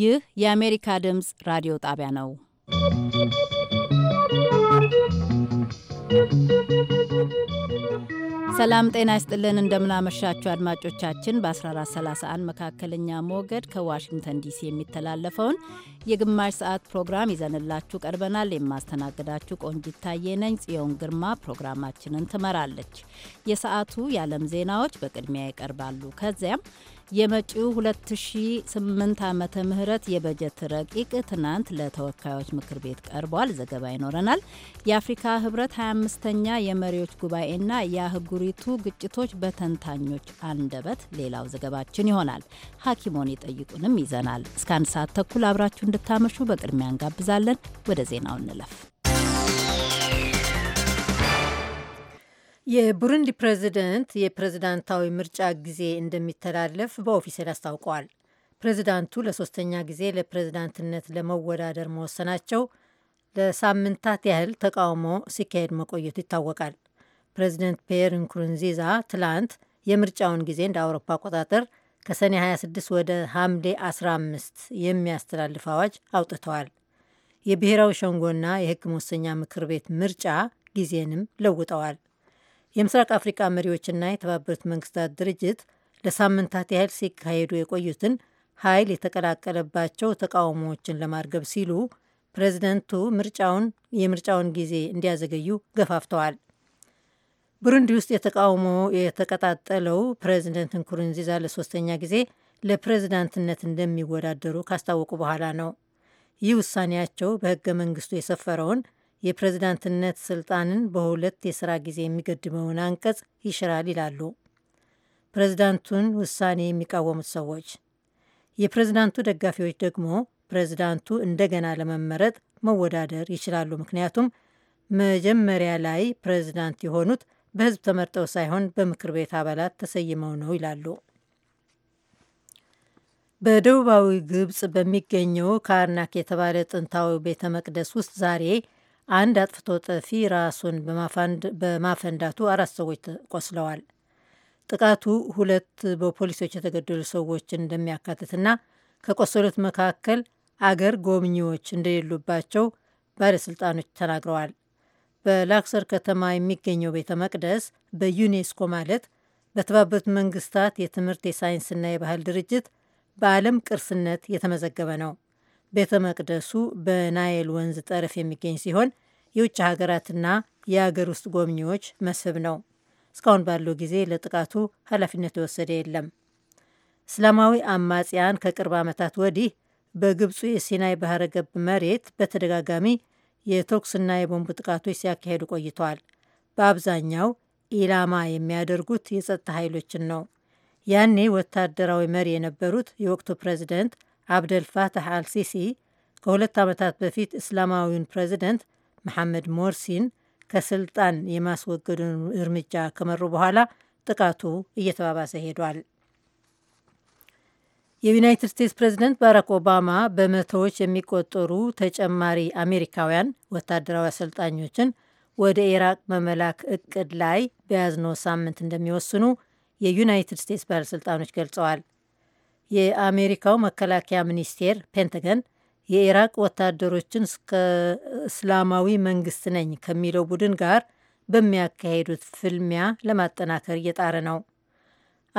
ይህ የአሜሪካ ድምፅ ራዲዮ ጣቢያ ነው። ሰላም ጤና ይስጥልን። እንደምናመሻችሁ አድማጮቻችን በ1431 መካከለኛ ሞገድ ከዋሽንግተን ዲሲ የሚተላለፈውን የግማሽ ሰዓት ፕሮግራም ይዘንላችሁ ቀርበናል። የማስተናግዳችሁ ቆንጂት ታዬ ነኝ። ጽዮን ግርማ ፕሮግራማችንን ትመራለች። የሰዓቱ የዓለም ዜናዎች በቅድሚያ ይቀርባሉ። ከዚያም የመጪው 2008 ዓመተ ምህረት የበጀት ረቂቅ ትናንት ለተወካዮች ምክር ቤት ቀርቧል። ዘገባ ይኖረናል። የአፍሪካ ህብረት 25ኛ የመሪዎች ጉባኤና የአህጉሪቱ ግጭቶች በተንታኞች አንደበት ሌላው ዘገባችን ይሆናል። ሐኪሞን የጠይቁንም ይዘናል። እስከ አንድ ሰዓት ተኩል አብራችሁ እንድታመሹ በቅድሚያ እንጋብዛለን። ወደ ዜናው እንለፍ። የቡሩንዲ ፕሬዚደንት የፕሬዝዳንታዊ ምርጫ ጊዜ እንደሚተላለፍ በኦፊሴል አስታውቀዋል። ፕሬዚዳንቱ ለሶስተኛ ጊዜ ለፕሬዝዳንትነት ለመወዳደር መወሰናቸው ለሳምንታት ያህል ተቃውሞ ሲካሄድ መቆየቱ ይታወቃል። ፕሬዚደንት ፒየር ንኩሩንዚዛ ትላንት የምርጫውን ጊዜ እንደ አውሮፓ አቆጣጠር ከሰኔ 26 ወደ ሐምሌ 15 የሚያስተላልፍ አዋጅ አውጥተዋል። የብሔራዊ ሸንጎና የሕግ መወሰኛ ምክር ቤት ምርጫ ጊዜንም ለውጠዋል። የምስራቅ አፍሪካ መሪዎችና የተባበሩት መንግስታት ድርጅት ለሳምንታት ያህል ሲካሄዱ የቆዩትን ኃይል የተቀላቀለባቸው ተቃውሞዎችን ለማርገብ ሲሉ ፕሬዚደንቱ ምርጫውን የምርጫውን ጊዜ እንዲያዘገዩ ገፋፍተዋል። ብሩንዲ ውስጥ የተቃውሞ የተቀጣጠለው ፕሬዚደንት ንኩሩንዚዛ ለሶስተኛ ጊዜ ለፕሬዚዳንትነት እንደሚወዳደሩ ካስታወቁ በኋላ ነው። ይህ ውሳኔያቸው በህገ መንግስቱ የሰፈረውን የፕሬዝዳንትነት ስልጣንን በሁለት የስራ ጊዜ የሚገድበውን አንቀጽ ይሽራል ይላሉ ፕሬዝዳንቱን ውሳኔ የሚቃወሙት ሰዎች። የፕሬዝዳንቱ ደጋፊዎች ደግሞ ፕሬዝዳንቱ እንደገና ለመመረጥ መወዳደር ይችላሉ። ምክንያቱም መጀመሪያ ላይ ፕሬዝዳንት የሆኑት በህዝብ ተመርጠው ሳይሆን በምክር ቤት አባላት ተሰይመው ነው ይላሉ። በደቡባዊ ግብፅ በሚገኘው ካርናክ የተባለ ጥንታዊ ቤተ መቅደስ ውስጥ ዛሬ አንድ አጥፍቶ ጠፊ ራሱን በማፈንዳቱ አራት ሰዎች ቆስለዋል። ጥቃቱ ሁለት በፖሊሶች የተገደሉ ሰዎችን እንደሚያካትትና ከቆሰሉት መካከል አገር ጎብኚዎች እንደሌሉባቸው ባለሥልጣኖች ተናግረዋል። በላክሰር ከተማ የሚገኘው ቤተ መቅደስ በዩኔስኮ ማለት በተባበሩት መንግስታት የትምህርት የሳይንስና የባህል ድርጅት በዓለም ቅርስነት የተመዘገበ ነው። ቤተ መቅደሱ በናይል ወንዝ ጠረፍ የሚገኝ ሲሆን የውጭ ሀገራትና የአገር ውስጥ ጎብኚዎች መስህብ ነው። እስካሁን ባለው ጊዜ ለጥቃቱ ኃላፊነት የወሰደ የለም። እስላማዊ አማጽያን ከቅርብ ዓመታት ወዲህ በግብፁ የሲናይ ባህረ ገብ መሬት በተደጋጋሚ የተኩስና የቦምብ ጥቃቶች ሲያካሂዱ ቆይተዋል። በአብዛኛው ኢላማ የሚያደርጉት የጸጥታ ኃይሎችን ነው። ያኔ ወታደራዊ መሪ የነበሩት የወቅቱ ፕሬዚደንት አብደልፋታህ አልሲሲ ከሁለት ዓመታት በፊት እስላማዊውን ፕሬዚደንት መሐመድ ሞርሲን ከስልጣን የማስወገዱን እርምጃ ከመሩ በኋላ ጥቃቱ እየተባባሰ ሄዷል። የዩናይትድ ስቴትስ ፕሬዚደንት ባራክ ኦባማ በመቶዎች የሚቆጠሩ ተጨማሪ አሜሪካውያን ወታደራዊ አሰልጣኞችን ወደ ኢራቅ መመላክ እቅድ ላይ በያዝነው ሳምንት እንደሚወስኑ የዩናይትድ ስቴትስ ባለሥልጣኖች ገልጸዋል። የአሜሪካው መከላከያ ሚኒስቴር ፔንተገን የኢራቅ ወታደሮችን እስከ እስላማዊ መንግስት ነኝ ከሚለው ቡድን ጋር በሚያካሄዱት ፍልሚያ ለማጠናከር እየጣረ ነው።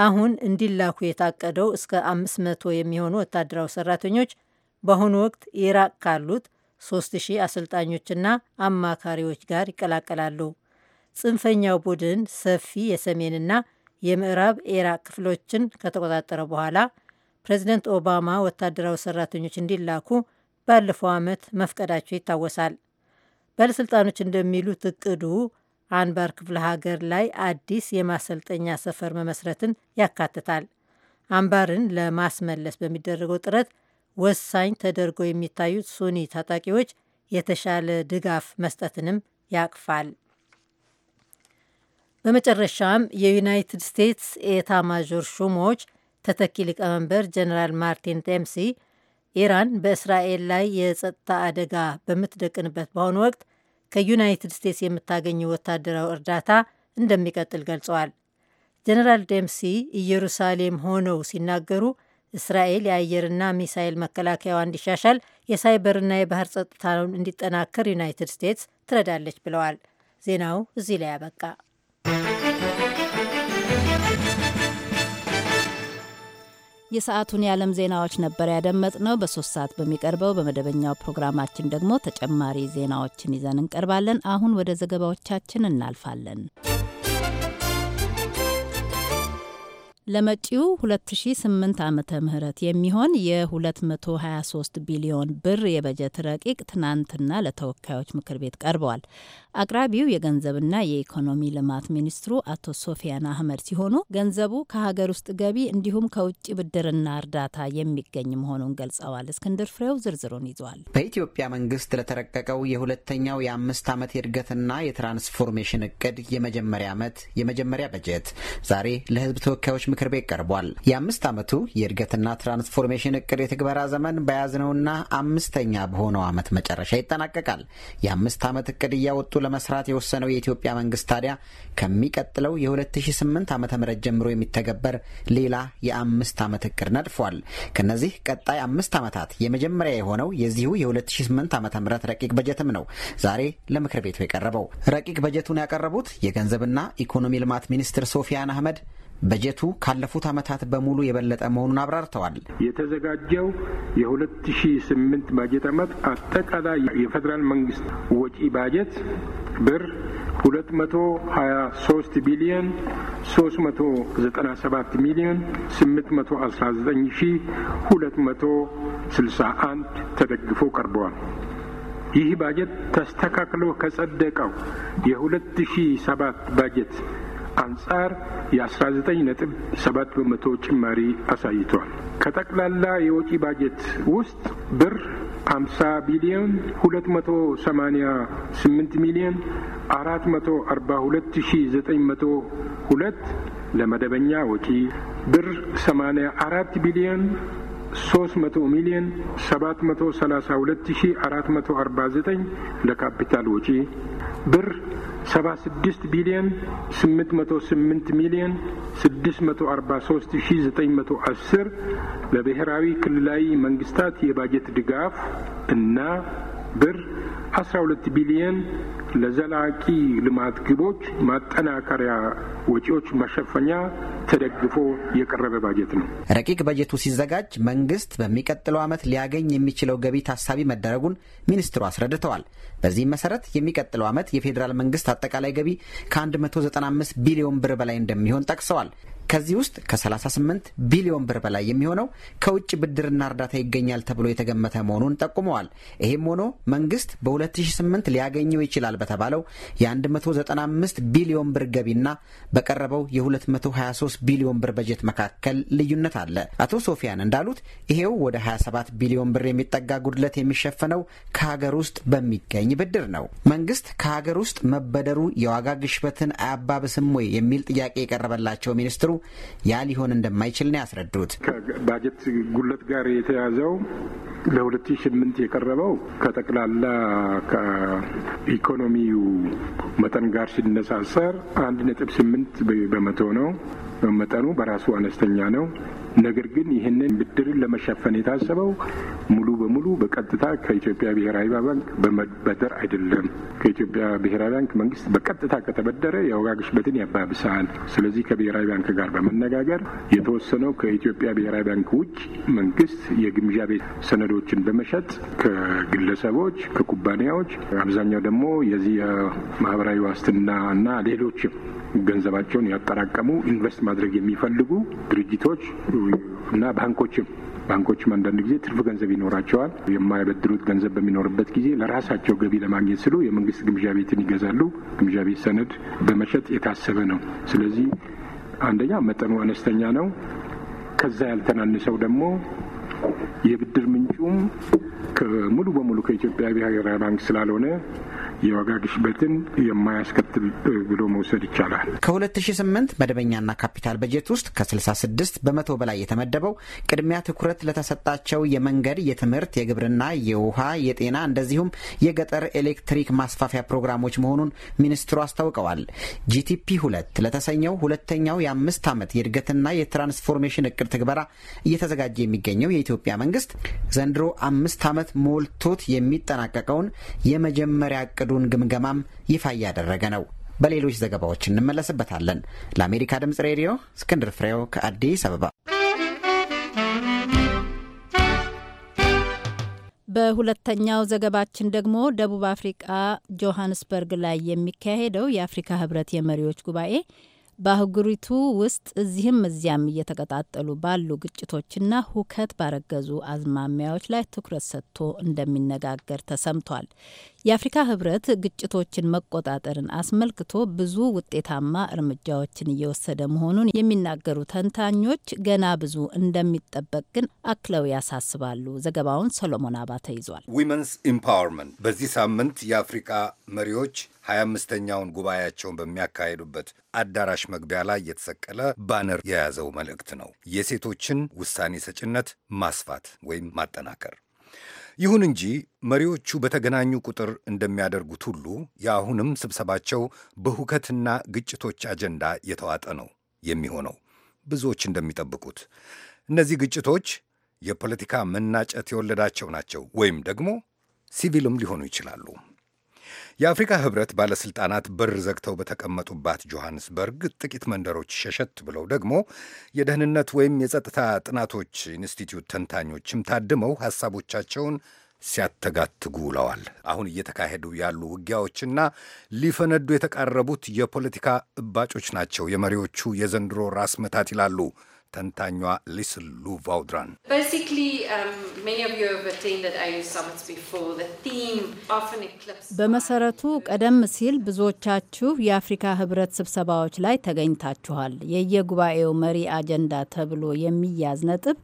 አሁን እንዲላኩ የታቀደው እስከ 500 የሚሆኑ ወታደራዊ ሰራተኞች በአሁኑ ወቅት ኢራቅ ካሉት 3000 አሰልጣኞችና አማካሪዎች ጋር ይቀላቀላሉ። ጽንፈኛው ቡድን ሰፊ የሰሜንና የምዕራብ ኢራቅ ክፍሎችን ከተቆጣጠረ በኋላ ፕሬዚደንት ኦባማ ወታደራዊ ሰራተኞች እንዲላኩ ባለፈው ዓመት መፍቀዳቸው ይታወሳል። ባለሥልጣኖች እንደሚሉት እቅዱ አንባር ክፍለ ሀገር ላይ አዲስ የማሰልጠኛ ሰፈር መመስረትን ያካትታል። አንባርን ለማስመለስ በሚደረገው ጥረት ወሳኝ ተደርገው የሚታዩት ሱኒ ታጣቂዎች የተሻለ ድጋፍ መስጠትንም ያቅፋል። በመጨረሻም የዩናይትድ ስቴትስ ኤታ ማዦር ሹሞች ተተኪ ሊቀመንበር ጀነራል ማርቲን ደምሲ ኢራን በእስራኤል ላይ የጸጥታ አደጋ በምትደቅንበት በአሁኑ ወቅት ከዩናይትድ ስቴትስ የምታገኘው ወታደራዊ እርዳታ እንደሚቀጥል ገልጸዋል። ጀነራል ዴምሲ ኢየሩሳሌም ሆነው ሲናገሩ እስራኤል የአየርና ሚሳይል መከላከያዋ እንዲሻሻል፣ የሳይበርና የባህር ጸጥታውን እንዲጠናከር ዩናይትድ ስቴትስ ትረዳለች ብለዋል። ዜናው እዚህ ላይ አበቃ። የሰዓቱን የዓለም ዜናዎች ነበር ያደመጥነው። በሶስት ሰዓት በሚቀርበው በመደበኛው ፕሮግራማችን ደግሞ ተጨማሪ ዜናዎችን ይዘን እንቀርባለን። አሁን ወደ ዘገባዎቻችን እናልፋለን። ለመጪው 2008 ዓመተ ምህረት የሚሆን የ223 ቢሊዮን ብር የበጀት ረቂቅ ትናንትና ለተወካዮች ምክር ቤት ቀርበዋል። አቅራቢው የገንዘብና የኢኮኖሚ ልማት ሚኒስትሩ አቶ ሶፊያን አህመድ ሲሆኑ ገንዘቡ ከሀገር ውስጥ ገቢ እንዲሁም ከውጭ ብድርና እርዳታ የሚገኝ መሆኑን ገልጸዋል። እስክንድር ፍሬው ዝርዝሩን ይዟል። በኢትዮጵያ መንግስት ለተረቀቀው የሁለተኛው የአምስት ዓመት የእድገትና የትራንስፎርሜሽን እቅድ የመጀመሪያ ዓመት የመጀመሪያ በጀት ዛሬ ለህዝብ ተወካዮች ምክር ቤት ቀርቧል። የአምስት ዓመቱ የእድገትና ትራንስፎርሜሽን እቅድ የትግበራ ዘመን በያዝነውና አምስተኛ በሆነው ዓመት መጨረሻ ይጠናቀቃል። የአምስት ዓመት እቅድ እያወጡ ለመስራት የወሰነው የኢትዮጵያ መንግስት ታዲያ ከሚቀጥለው የ2008 ዓ ም ጀምሮ የሚተገበር ሌላ የአምስት ዓመት እቅድ ነድፏል። ከነዚህ ቀጣይ አምስት ዓመታት የመጀመሪያ የሆነው የዚሁ የ2008 ዓ ም ረቂቅ በጀትም ነው ዛሬ ለምክር ቤቱ የቀረበው። ረቂቅ በጀቱን ያቀረቡት የገንዘብና ኢኮኖሚ ልማት ሚኒስትር ሶፊያን አህመድ በጀቱ ካለፉት ዓመታት በሙሉ የበለጠ መሆኑን አብራርተዋል። የተዘጋጀው የ2008 ባጀት ዓመት አጠቃላይ የፌዴራል መንግስት ወጪ ባጀት ብር 223 ቢሊዮን 397 ሚሊዮን 819261 ተደግፎ ቀርበዋል። ይህ ባጀት ተስተካክሎ ከጸደቀው የ2007 ባጀት አንጻር የ19.7 በመቶ ጭማሪ አሳይቷል። ከጠቅላላ የወጪ ባጀት ውስጥ ብር 50 ቢሊዮን 288 ሚሊዮን 442902 ለመደበኛ ወጪ፣ ብር 84 ቢሊዮን 300 ሚሊዮን 732449 ለካፒታል ወጪ፣ ብር 76 ቢሊዮን 808 ሚሊዮን 643910 ለብሔራዊ ክልላዊ መንግስታት የባጀት ድጋፍ እና ብር 12 ቢሊየን ለዘላቂ ልማት ግቦች ማጠናከሪያ ወጪዎች መሸፈኛ ተደግፎ የቀረበ ባጀት ነው። ረቂቅ በጀቱ ሲዘጋጅ መንግስት በሚቀጥለው ዓመት ሊያገኝ የሚችለው ገቢ ታሳቢ መደረጉን ሚኒስትሩ አስረድተዋል። በዚህም መሰረት የሚቀጥለው ዓመት የፌዴራል መንግስት አጠቃላይ ገቢ ከ195 ቢሊዮን ብር በላይ እንደሚሆን ጠቅሰዋል። ከዚህ ውስጥ ከ38 ቢሊዮን ብር በላይ የሚሆነው ከውጭ ብድርና እርዳታ ይገኛል ተብሎ የተገመተ መሆኑን ጠቁመዋል። ይህም ሆኖ መንግስት በ2008 ሊያገኘው ይችላል በተባለው የ195 ቢሊዮን ብር ገቢና በቀረበው የ223 ቢሊዮን ብር በጀት መካከል ልዩነት አለ። አቶ ሶፊያን እንዳሉት ይሄው ወደ 27 ቢሊዮን ብር የሚጠጋ ጉድለት የሚሸፈነው ከሀገር ውስጥ በሚገኝ ብድር ነው። መንግስት ከሀገር ውስጥ መበደሩ የዋጋ ግሽበትን አያባብስም ወይ የሚል ጥያቄ የቀረበላቸው ሚኒስትሩ ያ ሊሆን እንደማይችል ነው ያስረዱት። ከባጀት ጉለት ጋር የተያዘው ለ2008 የቀረበው ከጠቅላላ ከኢኮኖሚው መጠን ጋር ሲነሳሰር አንድ ነጥብ ስምንት በመቶ ነው። መጠኑ በራሱ አነስተኛ ነው። ነገር ግን ይህንን ብድርን ለመሸፈን የታሰበው ሙሉ በሙሉ በቀጥታ ከኢትዮጵያ ብሔራዊ ባንክ በመበደር አይደለም። ከኢትዮጵያ ብሔራዊ ባንክ መንግስት በቀጥታ ከተበደረ የዋጋ ግሽበትን ያባብሳል። ስለዚህ ከብሔራዊ ባንክ ጋር በመነጋገር የተወሰነው ከኢትዮጵያ ብሔራዊ ባንክ ውጭ መንግስት የግምዣ ቤት ሰነዶችን በመሸጥ ከግለሰቦች፣ ከኩባንያዎች አብዛኛው ደግሞ የዚህ የማህበራዊ ዋስትና እና ሌሎችም ገንዘባቸውን ያጠራቀሙ ኢንቨስት ማድረግ የሚፈልጉ ድርጅቶች እና ባንኮችም ባንኮችም አንዳንድ ጊዜ ትርፍ ገንዘብ ይኖራቸዋል። የማይበድሩት ገንዘብ በሚኖርበት ጊዜ ለራሳቸው ገቢ ለማግኘት ስሉ የመንግስት ግምዣ ቤትን ይገዛሉ። ግምዣ ቤት ሰነድ በመሸጥ የታሰበ ነው። ስለዚህ አንደኛ መጠኑ አነስተኛ ነው። ከዛ ያልተናንሰው ደግሞ የብድር ምንጩም ሙሉ በሙሉ ከኢትዮጵያ ብሔራዊ ባንክ ስላልሆነ የዋጋ ግሽበትን የማያስከትል ብሎ መውሰድ ይቻላል። ከ2008 መደበኛና ካፒታል በጀት ውስጥ ከ66 በመቶ በላይ የተመደበው ቅድሚያ ትኩረት ለተሰጣቸው የመንገድ፣ የትምህርት፣ የግብርና፣ የውሃ፣ የጤና እንደዚሁም የገጠር ኤሌክትሪክ ማስፋፊያ ፕሮግራሞች መሆኑን ሚኒስትሩ አስታውቀዋል። ጂቲፒ ሁለት ለተሰኘው ሁለተኛው የአምስት ዓመት የእድገትና የትራንስፎርሜሽን እቅድ ትግበራ እየተዘጋጀ የሚገኘው የኢትዮጵያ መንግስት ዘንድሮ አምስት ዓመት ሞልቶት የሚጠናቀቀውን የመጀመሪያ እቅዱ የመንገዱን ግምገማም ይፋ እያደረገ ነው። በሌሎች ዘገባዎች እንመለስበታለን። ለአሜሪካ ድምፅ ሬዲዮ እስክንድር ፍሬው ከአዲስ አበባ። በሁለተኛው ዘገባችን ደግሞ ደቡብ አፍሪቃ ጆሃንስበርግ ላይ የሚካሄደው የአፍሪካ ህብረት የመሪዎች ጉባኤ በአህጉሪቱ ውስጥ እዚህም እዚያም እየተቀጣጠሉ ባሉ ግጭቶችና ሁከት ባረገዙ አዝማሚያዎች ላይ ትኩረት ሰጥቶ እንደሚነጋገር ተሰምቷል። የአፍሪካ ህብረት ግጭቶችን መቆጣጠርን አስመልክቶ ብዙ ውጤታማ እርምጃዎችን እየወሰደ መሆኑን የሚናገሩ ተንታኞች ገና ብዙ እንደሚጠበቅ ግን አክለው ያሳስባሉ። ዘገባውን ሰሎሞን አባተ ይዟል። ዊመንስ ኢምፓወርመንት በዚህ ሳምንት የአፍሪካ መሪዎች ሀያ አምስተኛውን ጉባኤያቸውን በሚያካሄዱበት አዳራሽ መግቢያ ላይ የተሰቀለ ባነር የያዘው መልእክት ነው የሴቶችን ውሳኔ ሰጭነት ማስፋት ወይም ማጠናከር። ይሁን እንጂ መሪዎቹ በተገናኙ ቁጥር እንደሚያደርጉት ሁሉ የአሁንም ስብሰባቸው በሁከትና ግጭቶች አጀንዳ የተዋጠ ነው የሚሆነው ብዙዎች እንደሚጠብቁት። እነዚህ ግጭቶች የፖለቲካ መናጨት የወለዳቸው ናቸው ወይም ደግሞ ሲቪልም ሊሆኑ ይችላሉ። የአፍሪካ ህብረት ባለሥልጣናት በር ዘግተው በተቀመጡባት ጆሐንስበርግ ጥቂት መንደሮች ሸሸት ብለው ደግሞ የደህንነት ወይም የጸጥታ ጥናቶች ኢንስቲትዩት ተንታኞችም ታድመው ሐሳቦቻቸውን ሲያተጋትጉ ውለዋል። አሁን እየተካሄዱ ያሉ ውጊያዎችና ሊፈነዱ የተቃረቡት የፖለቲካ እባጮች ናቸው የመሪዎቹ የዘንድሮ ራስ መታት ይላሉ ተንታኟ ሊስሉ ቫውድራን um, በመሰረቱ ቀደም ሲል ብዙዎቻችሁ የአፍሪካ ህብረት ስብሰባዎች ላይ ተገኝታችኋል። የየጉባኤው መሪ አጀንዳ ተብሎ የሚያዝ ነጥብ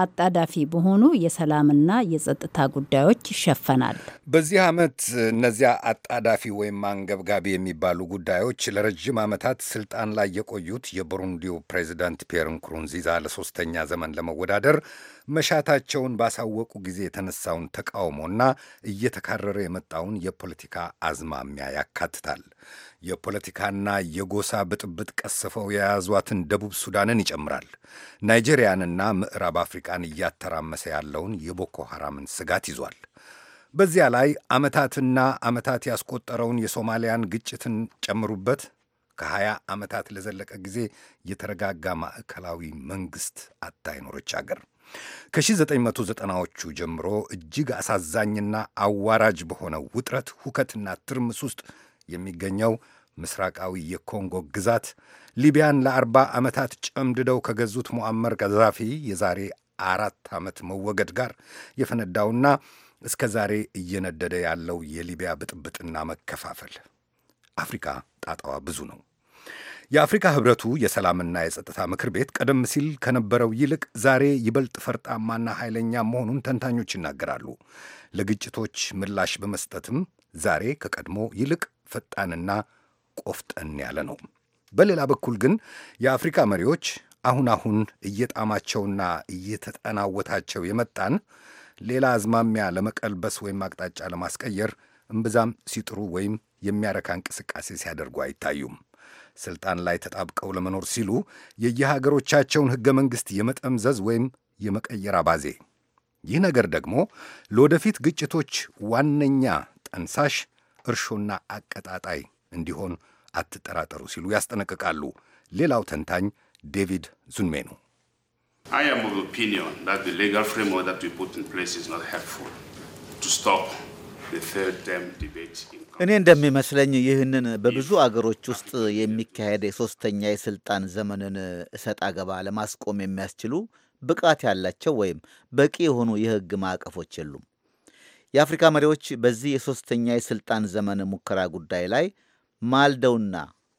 አጣዳፊ በሆኑ የሰላምና የጸጥታ ጉዳዮች ይሸፈናል። በዚህ ዓመት እነዚያ አጣዳፊ ወይም አንገብጋቢ የሚባሉ ጉዳዮች ለረዥም ዓመታት ስልጣን ላይ የቆዩት የቡሩንዲው ፕሬዚዳንት ፒየር ንኩሩንዚዛ ለሶስተኛ ዘመን ለመወዳደር መሻታቸውን ባሳወቁ ጊዜ የተነሳውን ተቃውሞና እየተካረረ የመጣውን የፖለቲካ አዝማሚያ ያካትታል። የፖለቲካና የጎሳ ብጥብጥ ቀስፈው የያዟትን ደቡብ ሱዳንን ይጨምራል። ናይጄሪያንና ምዕራብ አፍሪቃን እያተራመሰ ያለውን የቦኮ ሐራምን ስጋት ይዟል። በዚያ ላይ ዓመታትና ዓመታት ያስቆጠረውን የሶማሊያን ግጭትን ጨምሩበት። ከሀያ ዓመታት ለዘለቀ ጊዜ የተረጋጋ ማዕከላዊ መንግሥት አታ አገር ከ1990ዎቹ ጀምሮ እጅግ አሳዛኝና አዋራጅ በሆነ ውጥረት ሁከትና ትርምስ ውስጥ የሚገኘው ምስራቃዊ የኮንጎ ግዛት ሊቢያን ለአርባ ዓመታት ጨምድደው ከገዙት ሞአመር ቀዛፊ የዛሬ አራት ዓመት መወገድ ጋር የፈነዳውና እስከ ዛሬ እየነደደ ያለው የሊቢያ ብጥብጥና መከፋፈል አፍሪካ ጣጣዋ ብዙ ነው። የአፍሪካ ህብረቱ የሰላምና የጸጥታ ምክር ቤት ቀደም ሲል ከነበረው ይልቅ ዛሬ ይበልጥ ፈርጣማና ኃይለኛ መሆኑን ተንታኞች ይናገራሉ። ለግጭቶች ምላሽ በመስጠትም ዛሬ ከቀድሞ ይልቅ ፈጣንና ቆፍጠን ያለ ነው። በሌላ በኩል ግን የአፍሪካ መሪዎች አሁን አሁን እየጣማቸውና እየተጠናወታቸው የመጣን ሌላ አዝማሚያ ለመቀልበስ ወይም አቅጣጫ ለማስቀየር እምብዛም ሲጥሩ ወይም የሚያረካ እንቅስቃሴ ሲያደርጉ አይታዩም። ስልጣን ላይ ተጣብቀው ለመኖር ሲሉ የየሀገሮቻቸውን ሕገ መንግሥት የመጠምዘዝ ወይም የመቀየር አባዜ። ይህ ነገር ደግሞ ለወደፊት ግጭቶች ዋነኛ ጠንሳሽ እርሾና አቀጣጣይ እንዲሆን አትጠራጠሩ ሲሉ ያስጠነቅቃሉ። ሌላው ተንታኝ ዴቪድ ዙንሜ ነው። እኔ እንደሚመስለኝ ይህንን በብዙ አገሮች ውስጥ የሚካሄድ የሶስተኛ የስልጣን ዘመንን እሰጥ አገባ ለማስቆም የሚያስችሉ ብቃት ያላቸው ወይም በቂ የሆኑ የህግ ማዕቀፎች የሉም። የአፍሪካ መሪዎች በዚህ የሦስተኛ የሥልጣን ዘመን ሙከራ ጉዳይ ላይ ማልደውና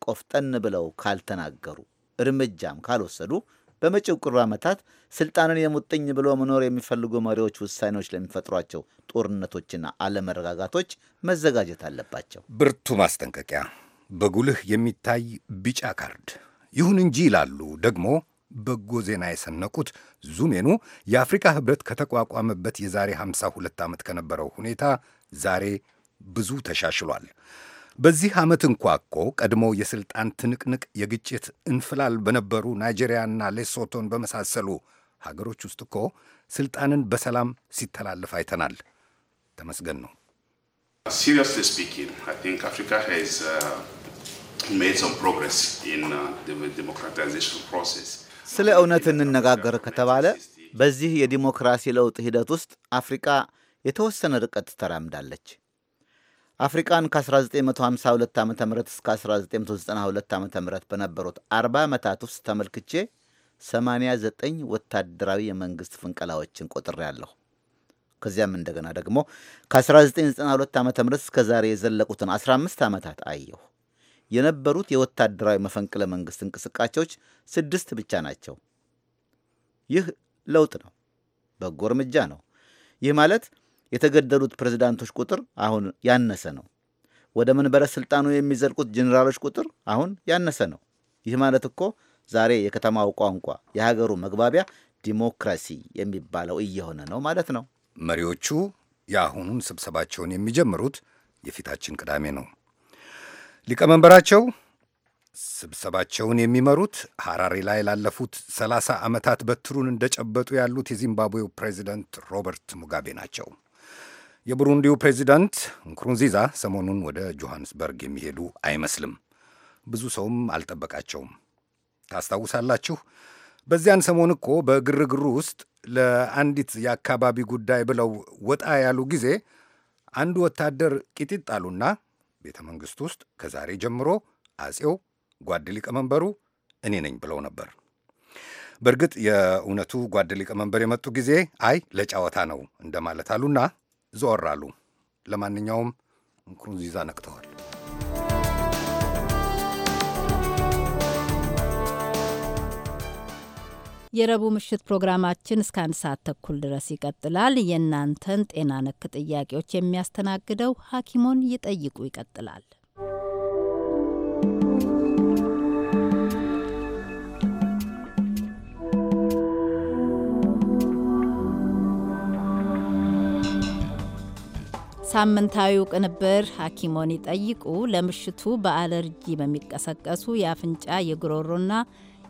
ቆፍጠን ብለው ካልተናገሩ እርምጃም ካልወሰዱ በመጪው ቅርብ ዓመታት ስልጣንን የሙጥኝ ብሎ መኖር የሚፈልጉ መሪዎች ውሳኔዎች ለሚፈጥሯቸው ጦርነቶችና አለመረጋጋቶች መዘጋጀት አለባቸው። ብርቱ ማስጠንቀቂያ፣ በጉልህ የሚታይ ቢጫ ካርድ። ይሁን እንጂ ይላሉ ደግሞ በጎ ዜና የሰነቁት ዙሜኑ የአፍሪካ ህብረት ከተቋቋመበት የዛሬ 52 ዓመት ከነበረው ሁኔታ ዛሬ ብዙ ተሻሽሏል። በዚህ ዓመት እንኳ እኮ ቀድሞ የሥልጣን ትንቅንቅ፣ የግጭት እንፍላል በነበሩ ናይጄሪያና ሌሶቶን በመሳሰሉ ሀገሮች ውስጥ እኮ ሥልጣንን በሰላም ሲተላለፍ አይተናል። ተመስገን ነው። ሲሪየስሊ ስለ እውነት እንነጋገር ከተባለ በዚህ የዲሞክራሲ ለውጥ ሂደት ውስጥ አፍሪቃ የተወሰነ ርቀት ተራምዳለች። አፍሪቃን ከ1952 ዓ ም እስከ 1992 ዓ ም በነበሩት 40 ዓመታት ውስጥ ተመልክቼ 89 ወታደራዊ የመንግሥት ፍንቀላዎችን ቆጥሬያለሁ። ከዚያም እንደገና ደግሞ ከ1992 ዓ ም እስከ ዛሬ የዘለቁትን 15 ዓመታት አየሁ። የነበሩት የወታደራዊ መፈንቅለ መንግስት እንቅስቃሴዎች ስድስት ብቻ ናቸው። ይህ ለውጥ ነው፣ በጎ እርምጃ ነው። ይህ ማለት የተገደሉት ፕሬዝዳንቶች ቁጥር አሁን ያነሰ ነው። ወደ መንበረ ስልጣኑ የሚዘልቁት ጀኔራሎች ቁጥር አሁን ያነሰ ነው። ይህ ማለት እኮ ዛሬ የከተማው ቋንቋ የሀገሩ መግባቢያ ዲሞክራሲ የሚባለው እየሆነ ነው ማለት ነው። መሪዎቹ የአሁኑን ስብሰባቸውን የሚጀምሩት የፊታችን ቅዳሜ ነው። ሊቀመንበራቸው ስብሰባቸውን የሚመሩት ሐራሬ ላይ ላለፉት ሰላሳ ዓመታት በትሩን እንደጨበጡ ያሉት የዚምባብዌው ፕሬዚደንት ሮበርት ሙጋቤ ናቸው። የቡሩንዲው ፕሬዚደንት ንኩሩንዚዛ ሰሞኑን ወደ ጆሐንስበርግ የሚሄዱ አይመስልም። ብዙ ሰውም አልጠበቃቸውም። ታስታውሳላችሁ፣ በዚያን ሰሞን እኮ በግርግሩ ውስጥ ለአንዲት የአካባቢ ጉዳይ ብለው ወጣ ያሉ ጊዜ አንዱ ወታደር ቂጢጥ አሉና ቤተ መንግሥት ውስጥ ከዛሬ ጀምሮ አጼው ጓድ ሊቀመንበሩ እኔ ነኝ ብለው ነበር። በእርግጥ የእውነቱ ጓድ ሊቀመንበር የመጡ ጊዜ አይ ለጨዋታ ነው እንደማለት አሉና ዞር አሉ። ለማንኛውም ንኩሩንዚዛ ነቅተዋል። የረቡ ምሽት ፕሮግራማችን እስከ አንድ ሰዓት ተኩል ድረስ ይቀጥላል። የእናንተን ጤና ነክ ጥያቄዎች የሚያስተናግደው ሐኪሞን ይጠይቁ ይቀጥላል። ሳምንታዊው ቅንብር ሐኪሞን ይጠይቁ ለምሽቱ በአለርጂ በሚቀሰቀሱ የአፍንጫ የጉሮሮና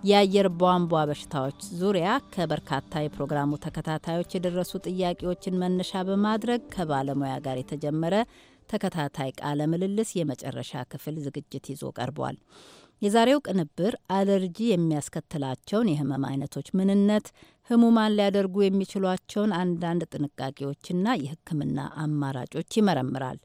የአየር ቧንቧ በሽታዎች ዙሪያ ከበርካታ የፕሮግራሙ ተከታታዮች የደረሱ ጥያቄዎችን መነሻ በማድረግ ከባለሙያ ጋር የተጀመረ ተከታታይ ቃለ ምልልስ የመጨረሻ ክፍል ዝግጅት ይዞ ቀርቧል። የዛሬው ቅንብር አለርጂ የሚያስከትላቸውን የህመም አይነቶች ምንነት፣ ህሙማን ሊያደርጉ የሚችሏቸውን አንዳንድ ጥንቃቄዎችና የህክምና አማራጮች ይመረምራል።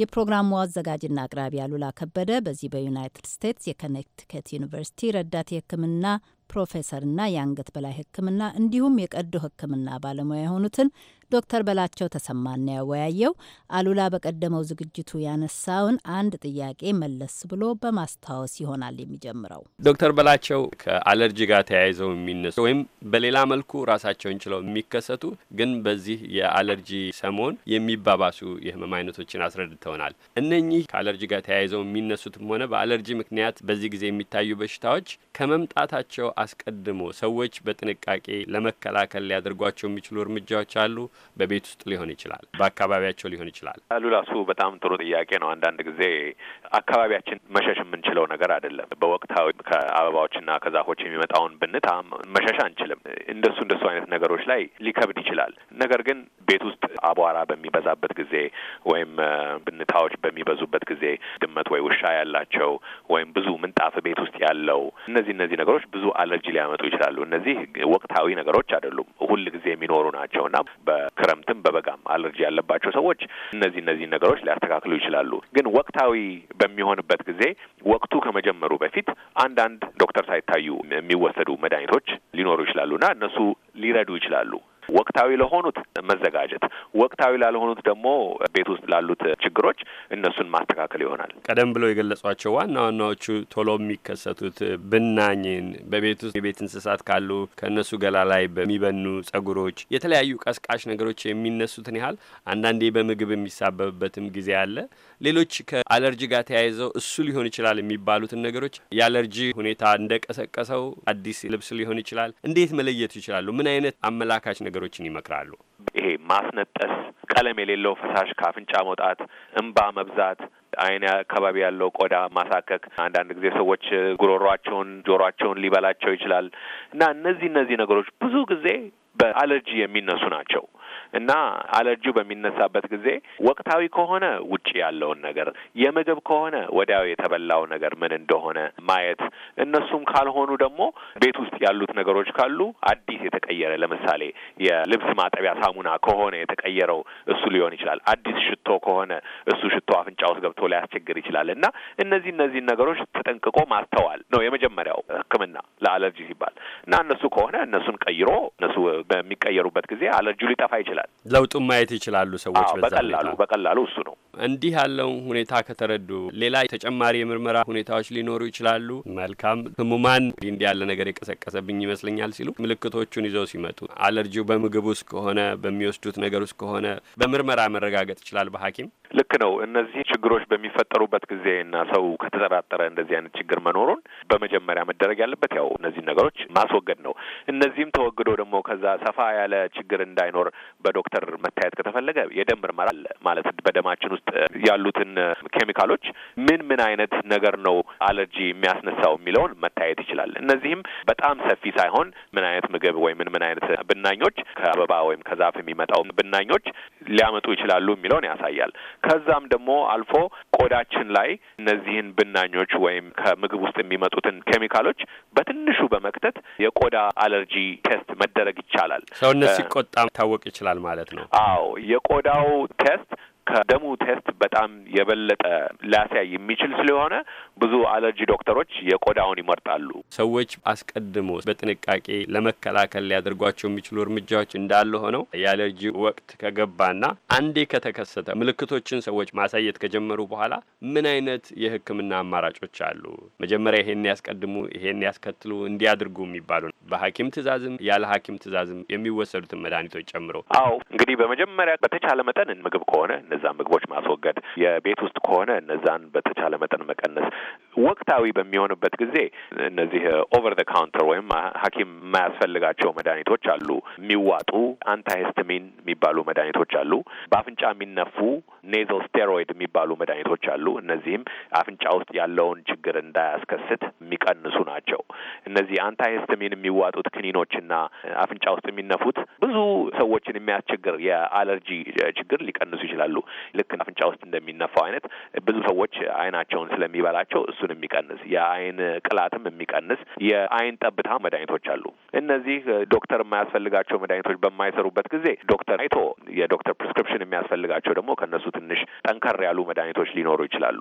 የፕሮግራሙ አዘጋጅና አቅራቢ አሉላ ከበደ በዚህ በዩናይትድ ስቴትስ የኮኔክቲከት ዩኒቨርሲቲ ረዳት የህክምና ፕሮፌሰርና የአንገት በላይ ህክምና እንዲሁም የቀዶ ህክምና ባለሙያ የሆኑትን ዶክተር በላቸው ተሰማና ያወያየው አሉላ በቀደመው ዝግጅቱ ያነሳውን አንድ ጥያቄ መለስ ብሎ በማስታወስ ይሆናል የሚጀምረው። ዶክተር በላቸው ከአለርጂ ጋር ተያይዘው የሚነሱ ወይም በሌላ መልኩ ራሳቸውን ችለው የሚከሰቱ ግን በዚህ የአለርጂ ሰሞን የሚባባሱ የህመም አይነቶችን አስረድተውናል። እነኚህ ከአለርጂ ጋር ተያይዘው የሚነሱትም ሆነ በአለርጂ ምክንያት በዚህ ጊዜ የሚታዩ በሽታዎች ከመምጣታቸው አስቀድሞ ሰዎች በጥንቃቄ ለመከላከል ሊያደርጓቸው የሚችሉ እርምጃዎች አሉ። በቤት ውስጥ ሊሆን ይችላል፣ በአካባቢያቸው ሊሆን ይችላል። ሉላሱ በጣም ጥሩ ጥያቄ ነው። አንዳንድ ጊዜ አካባቢያችን መሸሽ የምንችለው ነገር አይደለም። በወቅታዊ ከአበባዎችና ከዛፎች የሚመጣውን ብንታ መሸሽ አንችልም። እንደሱ እንደሱ አይነት ነገሮች ላይ ሊከብድ ይችላል። ነገር ግን ቤት ውስጥ አቧራ በሚበዛበት ጊዜ ወይም ብንታዎች በሚበዙበት ጊዜ ድመት ወይ ውሻ ያላቸው ወይም ብዙ ምንጣፍ ቤት ውስጥ ያለው እነዚህ እነዚህ ነገሮች ብዙ አለርጂ ሊያመጡ ይችላሉ። እነዚህ ወቅታዊ ነገሮች አይደሉም፣ ሁል ጊዜ የሚኖሩ ናቸው እና በክረምትም በበጋም አለርጂ ያለባቸው ሰዎች እነዚህ እነዚህ ነገሮች ሊያስተካክሉ ይችላሉ። ግን ወቅታዊ በሚሆንበት ጊዜ ወቅቱ ከመጀመሩ በፊት አንዳንድ ዶክተር ሳይታዩ የሚወሰዱ መድኃኒቶች ሊኖሩ እና እነሱ ሊረዱ ይችላሉ። ወቅታዊ ለሆኑት መዘጋጀት፣ ወቅታዊ ላልሆኑት ደግሞ ቤት ውስጥ ላሉት ችግሮች እነሱን ማስተካከል ይሆናል። ቀደም ብሎ የገለጿቸው ዋና ዋናዎቹ ቶሎ የሚከሰቱት ብናኝን በቤት ውስጥ የቤት እንስሳት ካሉ ከእነሱ ገላ ላይ በሚበኑ ጸጉሮች፣ የተለያዩ ቀስቃሽ ነገሮች የሚነሱትን ያህል አንዳንዴ በምግብ የሚሳበብበትም ጊዜ አለ። ሌሎች ከአለርጂ ጋር ተያይዘው እሱ ሊሆን ይችላል የሚባሉትን ነገሮች የአለርጂ ሁኔታ እንደቀሰቀሰው አዲስ ልብስ ሊሆን ይችላል። እንዴት መለየት ይችላሉ? ምን አይነት አመላካች ነገ ነገሮችን ይመክራሉ። ይሄ ማስነጠስ፣ ቀለም የሌለው ፈሳሽ ከአፍንጫ መውጣት፣ እንባ መብዛት አይን አካባቢ ያለው ቆዳ ማሳከክ፣ አንዳንድ ጊዜ ሰዎች ጉሮሯቸውን፣ ጆሯቸውን ሊበላቸው ይችላል እና እነዚህ እነዚህ ነገሮች ብዙ ጊዜ በአለርጂ የሚነሱ ናቸው። እና አለርጂው በሚነሳበት ጊዜ ወቅታዊ ከሆነ ውጭ ያለውን ነገር፣ የምግብ ከሆነ ወዲያው የተበላው ነገር ምን እንደሆነ ማየት፣ እነሱም ካልሆኑ ደግሞ ቤት ውስጥ ያሉት ነገሮች ካሉ አዲስ የተቀየረ ለምሳሌ የልብስ ማጠቢያ ሳሙና ከሆነ የተቀየረው እሱ ሊሆን ይችላል። አዲስ ሽቶ ከሆነ እሱ ሽቶ አፍንጫ ውስጥ ገብቶ ሊያስቸግር ይችላል እና እነዚህ እነዚህን ነገሮች ተጠንቅቆ ማስተዋል ነው የመጀመሪያው ሕክምና ለአለርጂ ሲባል እና እነሱ ከሆነ እነሱን ቀይሮ እነሱ በሚቀየሩበት ጊዜ አለርጂው ሊጠፋ ይችላል። ይችላል። ለውጡን ማየት ይችላሉ ሰዎች በቀላሉ በቀላሉ እሱ ነው። እንዲህ ያለውን ሁኔታ ከተረዱ ሌላ ተጨማሪ የምርመራ ሁኔታዎች ሊኖሩ ይችላሉ። መልካም ህሙማን እንዲህ ያለ ነገር የቀሰቀሰብኝ ይመስለኛል ሲሉ ምልክቶቹን ይዘው ሲመጡ አለርጂው በምግብ ውስጥ ከሆነ በሚወስዱት ነገር ውስጥ ከሆነ በምርመራ መረጋገጥ ይችላል በሐኪም ልክ ነው። እነዚህ ችግሮች በሚፈጠሩበት ጊዜ እና ሰው ከተጠራጠረ እንደዚህ አይነት ችግር መኖሩን በመጀመሪያ መደረግ ያለበት ያው እነዚህን ነገሮች ማስወገድ ነው። እነዚህም ተወግዶ ደግሞ ከዛ ሰፋ ያለ ችግር እንዳይኖር በዶክተር መታየት ከተፈለገ የደም ምርመራ አለ ማለት በደማችን ውስጥ ያሉትን ኬሚካሎች ምን ምን አይነት ነገር ነው አለርጂ የሚያስነሳው የሚለውን መታየት ይችላል። እነዚህም በጣም ሰፊ ሳይሆን ምን አይነት ምግብ ወይ ምን ምን አይነት ብናኞች ከአበባ ወይም ከዛፍ የሚመጣው ብናኞች ሊያመጡ ይችላሉ የሚለውን ያሳያል። ከዛም ደግሞ አልፎ ቆዳችን ላይ እነዚህን ብናኞች ወይም ከምግብ ውስጥ የሚመጡትን ኬሚካሎች በትንሹ በመክተት የቆዳ አለርጂ ቴስት መደረግ ይቻላል። ሰውነት ሲቆጣ ታወቅ ይችላል ማለት ነው። አዎ የቆዳው ቴስት ከደሙ ቴስት በጣም የበለጠ ሊያሳይ የሚችል ስለሆነ ብዙ አለርጂ ዶክተሮች የቆዳውን ይመርጣሉ። ሰዎች አስቀድሞ በጥንቃቄ ለመከላከል ሊያደርጓቸው የሚችሉ እርምጃዎች እንዳለ ሆነው የአለርጂ ወቅት ከገባና አንዴ ከተከሰተ ምልክቶችን ሰዎች ማሳየት ከጀመሩ በኋላ ምን አይነት የሕክምና አማራጮች አሉ? መጀመሪያ ይሄን ያስቀድሙ፣ ይሄን ያስከትሉ፣ እንዲያድርጉ የሚባሉ በሐኪም ትእዛዝም ያለ ሐኪም ትእዛዝም የሚወሰዱትን መድኃኒቶች ጨምሮ። አዎ እንግዲህ በመጀመሪያ በተቻለ መጠን ምግብ ከሆነ እነዛን ምግቦች ማስወገድ፣ የቤት ውስጥ ከሆነ እነዛን በተቻለ መጠን መቀነስ። ወቅታዊ በሚሆንበት ጊዜ እነዚህ ኦቨር ዘ ካውንተር ወይም ሐኪም የማያስፈልጋቸው መድኃኒቶች አሉ። የሚዋጡ አንታሂስትሚን የሚባሉ መድኃኒቶች አሉ። በአፍንጫ የሚነፉ ኔዞ ስቴሮይድ የሚባሉ መድኃኒቶች አሉ። እነዚህም አፍንጫ ውስጥ ያለውን ችግር እንዳያስከስት የሚቀንሱ ናቸው። እነዚህ አንታሂስትሚን የሚዋጡት ክኒኖችና አፍንጫ ውስጥ የሚነፉት ብዙ ሰዎችን የሚያስቸግር የአለርጂ ችግር ሊቀንሱ ይችላሉ። ልክ አፍንጫ ውስጥ እንደሚነፋው አይነት ብዙ ሰዎች አይናቸውን ስለሚበላቸው እሱን የሚቀንስ የአይን ቅላትም የሚቀንስ የአይን ጠብታ መድኃኒቶች አሉ። እነዚህ ዶክተር የማያስፈልጋቸው መድኃኒቶች በማይሰሩበት ጊዜ ዶክተር አይቶ የዶክተር ፕሪስክሪፕሽን የሚያስፈልጋቸው ደግሞ ከነሱ ትንሽ ጠንከር ያሉ መድኃኒቶች ሊኖሩ ይችላሉ።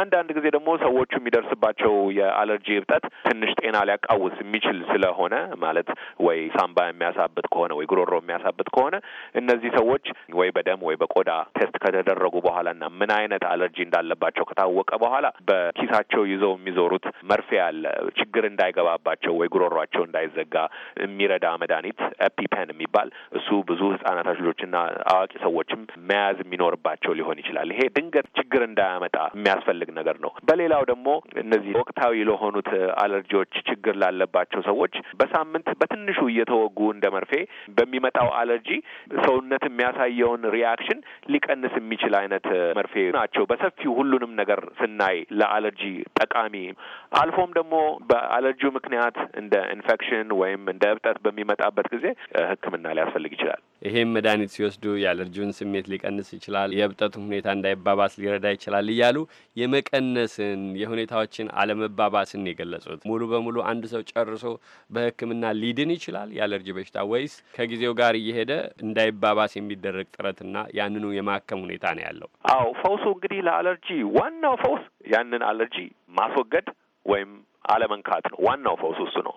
አንዳንድ ጊዜ ደግሞ ሰዎቹ የሚደርስባቸው የአለርጂ እብጠት ትንሽ ጤና ሊያቃውስ የሚችል ስለሆነ ማለት ወይ ሳምባ የሚያሳብጥ ከሆነ ወይ ጉሮሮ የሚያሳብጥ ከሆነ እነዚህ ሰዎች ወይ በደም ወይ በቆዳ ቴስት ከተደረጉ በኋላና ምን አይነት አለርጂ እንዳለባቸው ከታወቀ በኋላ በኪሳቸው ይዘው የሚዞሩት መርፌ አለ። ችግር እንዳይገባባቸው ወይ ጉሮሯቸው እንዳይዘጋ የሚረዳ መድኃኒት ኤፒፔን የሚባል እሱ ብዙ ህጻናቶች ልጆችና አዋቂ ሰዎችም መያዝ የሚኖርባቸው ያላቸው ሊሆን ይችላል። ይሄ ድንገት ችግር እንዳያመጣ የሚያስፈልግ ነገር ነው። በሌላው ደግሞ እነዚህ ወቅታዊ ለሆኑት አለርጂዎች ችግር ላለባቸው ሰዎች በሳምንት በትንሹ እየተወጉ እንደ መርፌ በሚመጣው አለርጂ ሰውነት የሚያሳየውን ሪያክሽን ሊቀንስ የሚችል አይነት መርፌ ናቸው። በሰፊው ሁሉንም ነገር ስናይ ለአለርጂ ጠቃሚ አልፎም ደግሞ በአለርጂው ምክንያት እንደ ኢንፌክሽን ወይም እንደ እብጠት በሚመጣበት ጊዜ ሕክምና ሊያስፈልግ ይችላል። ይሄም መድኃኒት ሲወስዱ የአለርጂውን ስሜት ሊቀንስ ይችላል። የእብጠ የወጣቱን ሁኔታ እንዳይባባስ ሊረዳ ይችላል እያሉ የመቀነስን የሁኔታዎችን አለመባባስን የገለጹት ሙሉ በሙሉ አንድ ሰው ጨርሶ በሕክምና ሊድን ይችላል የአለርጂ በሽታ ወይስ ከጊዜው ጋር እየሄደ እንዳይባባስ የሚደረግ ጥረትና ያንኑ የማከም ሁኔታ ነው ያለው? አዎ ፈውሱ እንግዲህ ለአለርጂ ዋናው ፈውስ ያንን አለርጂ ማስወገድ ወይም አለመንካት ነው። ዋናው ፈውስ እሱ ነው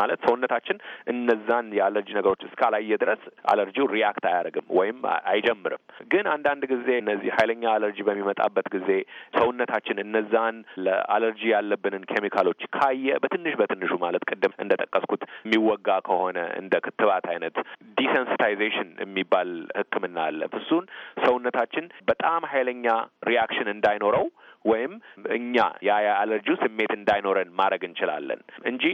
ማለት ሰውነታችን እነዛን የአለርጂ ነገሮች እስካላየ ድረስ አለርጂው ሪያክት አያደርግም ወይም አይጀምርም። ግን አንዳንድ ጊዜ እነዚህ ኃይለኛ አለርጂ በሚመጣበት ጊዜ ሰውነታችን እነዛን ለአለርጂ ያለብንን ኬሚካሎች ካየ በትንሽ በትንሹ ማለት ቅድም እንደ ጠቀስኩት የሚወጋ ከሆነ እንደ ክትባት አይነት ዲሰንስታይዜሽን የሚባል ህክምና አለ። እሱን ሰውነታችን በጣም ኃይለኛ ሪያክሽን እንዳይኖረው ወይም እኛ ያ የአለርጂው ስሜት እንዳይኖረን ማድረግ እንችላለን እንጂ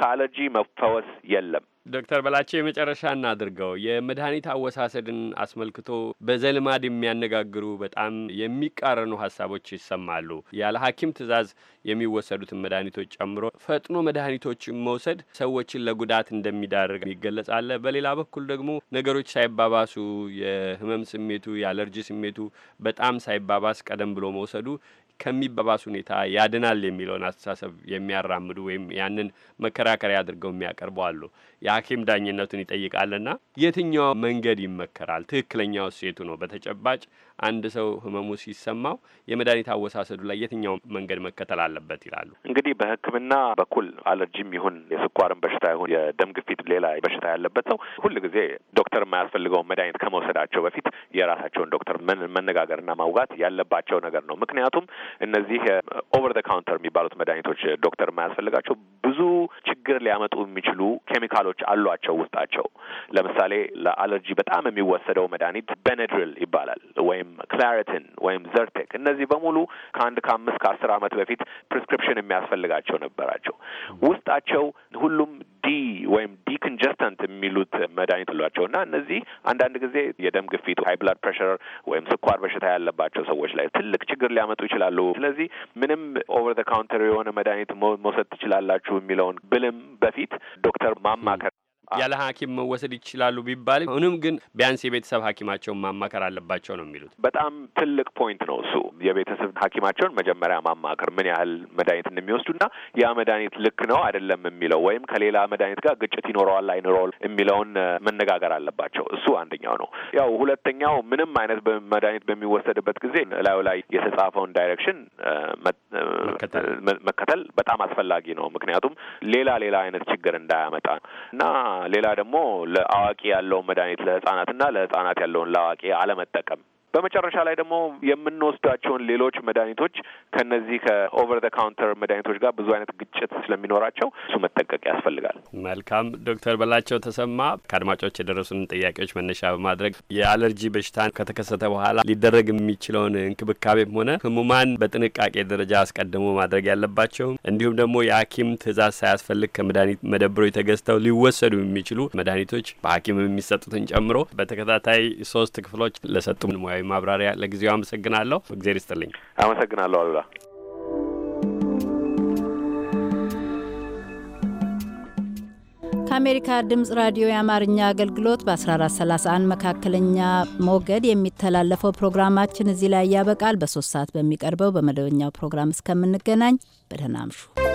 ከአለርጂ መፈወስ የለም። ዶክተር በላቸው የመጨረሻ እናድርገው። የመድኃኒት አወሳሰድን አስመልክቶ በዘልማድ የሚያነጋግሩ በጣም የሚቃረኑ ሀሳቦች ይሰማሉ። ያለ ሐኪም ትዕዛዝ የሚወሰዱትን መድኃኒቶች ጨምሮ ፈጥኖ መድኃኒቶችን መውሰድ ሰዎችን ለጉዳት እንደሚዳርግ ይገለጻል። በሌላ በኩል ደግሞ ነገሮች ሳይባባሱ የህመም ስሜቱ የአለርጂ ስሜቱ በጣም ሳይባባስ ቀደም ብሎ መውሰዱ ከሚባባስ ሁኔታ ያድናል የሚለውን አስተሳሰብ የሚያራምዱ ወይም ያንን መከራከሪያ አድርገው የሚያቀርቡ አሉ። የሐኪም ዳኝነቱን ይጠይቃልና የትኛው መንገድ ይመከራል? ትክክለኛው ሴቱ ነው። በተጨባጭ አንድ ሰው ህመሙ ሲሰማው የመድኃኒት አወሳሰዱ ላይ የትኛው መንገድ መከተል አለበት ይላሉ። እንግዲህ በህክምና በኩል አለርጂም ይሁን የስኳርን በሽታ ይሁን የደም ግፊት፣ ሌላ በሽታ ያለበት ሰው ጊዜ ዶክተር የማያስፈልገውን መድኃኒት ከመውሰዳቸው በፊት የራሳቸውን ዶክተር መነጋገርና ማውጋት ያለባቸው ነገር ነው። ምክንያቱም እነዚህ ኦቨር ዘ ካውንተር የሚባሉት መድኃኒቶች ዶክተር የማያስፈልጋቸው ብዙ ችግር ሊያመጡ የሚችሉ ኬሚካሎች አሏቸው ውስጣቸው። ለምሳሌ ለአለርጂ በጣም የሚወሰደው መድኃኒት በነድሪል ይባላል ወይም ክላሪቲን ወይም ዘርቴክ። እነዚህ በሙሉ ከአንድ ከአምስት ከአስር ዓመት በፊት ፕሪስክሪፕሽን የሚያስፈልጋቸው ነበራቸው። ውስጣቸው ሁሉም ዲ ወይም ዲኮንጀስታንት የሚሉት መድኃኒት አሏቸው እና እነዚህ አንዳንድ ጊዜ የደም ግፊት ሃይ ብላድ ፕሬሽር ወይም ስኳር በሽታ ያለባቸው ሰዎች ላይ ትልቅ ችግር ሊያመጡ ይችላሉ። ይችላሉ። ስለዚህ ምንም ኦቨር ዘ ካውንተር የሆነ መድኃኒት መውሰድ ትችላላችሁ የሚለውን ብልም በፊት ዶክተር ማማከር ያለ ሐኪም መወሰድ ይችላሉ ቢባል አሁንም ግን ቢያንስ የቤተሰብ ሐኪማቸውን ማማከር አለባቸው ነው የሚሉት። በጣም ትልቅ ፖይንት ነው እሱ። የቤተሰብ ሐኪማቸውን መጀመሪያ ማማከር ምን ያህል መድኃኒት እንደሚወስዱና ያ መድኃኒት ልክ ነው አይደለም የሚለው ወይም ከሌላ መድኃኒት ጋር ግጭት ይኖረዋል አይኖረዋል የሚለውን መነጋገር አለባቸው። እሱ አንደኛው ነው። ያው ሁለተኛው ምንም አይነት መድኃኒት በሚወሰድበት ጊዜ ላዩ ላይ የተጻፈውን ዳይሬክሽን መከተል በጣም አስፈላጊ ነው። ምክንያቱም ሌላ ሌላ አይነት ችግር እንዳያመጣ እና ሌላ ደግሞ ለአዋቂ ያለውን መድኃኒት ለህጻናትና ለህጻናት ያለውን ለአዋቂ አለመጠቀም በመጨረሻ ላይ ደግሞ የምንወስዳቸውን ሌሎች መድኃኒቶች ከነዚህ ከኦቨር ዘ ካውንተር መድኃኒቶች ጋር ብዙ አይነት ግጭት ስለሚኖራቸው እሱ መጠንቀቅ ያስፈልጋል። መልካም ዶክተር በላቸው ተሰማ ከአድማጮች የደረሱን ጥያቄዎች መነሻ በማድረግ የአለርጂ በሽታን ከተከሰተ በኋላ ሊደረግ የሚችለውን እንክብካቤም ሆነ ህሙማን በጥንቃቄ ደረጃ አስቀድሞ ማድረግ ያለባቸውም እንዲሁም ደግሞ የሐኪም ትዕዛዝ ሳያስፈልግ ከመድኃኒት መደብሮች ተገዝተው ሊወሰዱ የሚችሉ መድኃኒቶች በሐኪም የሚሰጡትን ጨምሮ በተከታታይ ሶስት ክፍሎች ለሰጡ ሙያ ሙያዊ ማብራሪያ ለጊዜው አመሰግናለሁ። እግዜር ይስጥልኝ። አመሰግናለሁ አሉላ። ከአሜሪካ ድምፅ ራዲዮ የአማርኛ አገልግሎት በ1431 መካከለኛ ሞገድ የሚተላለፈው ፕሮግራማችን እዚህ ላይ ያበቃል። በሶስት ሰዓት በሚቀርበው በመደበኛው ፕሮግራም እስከምንገናኝ በደህና አምሹ።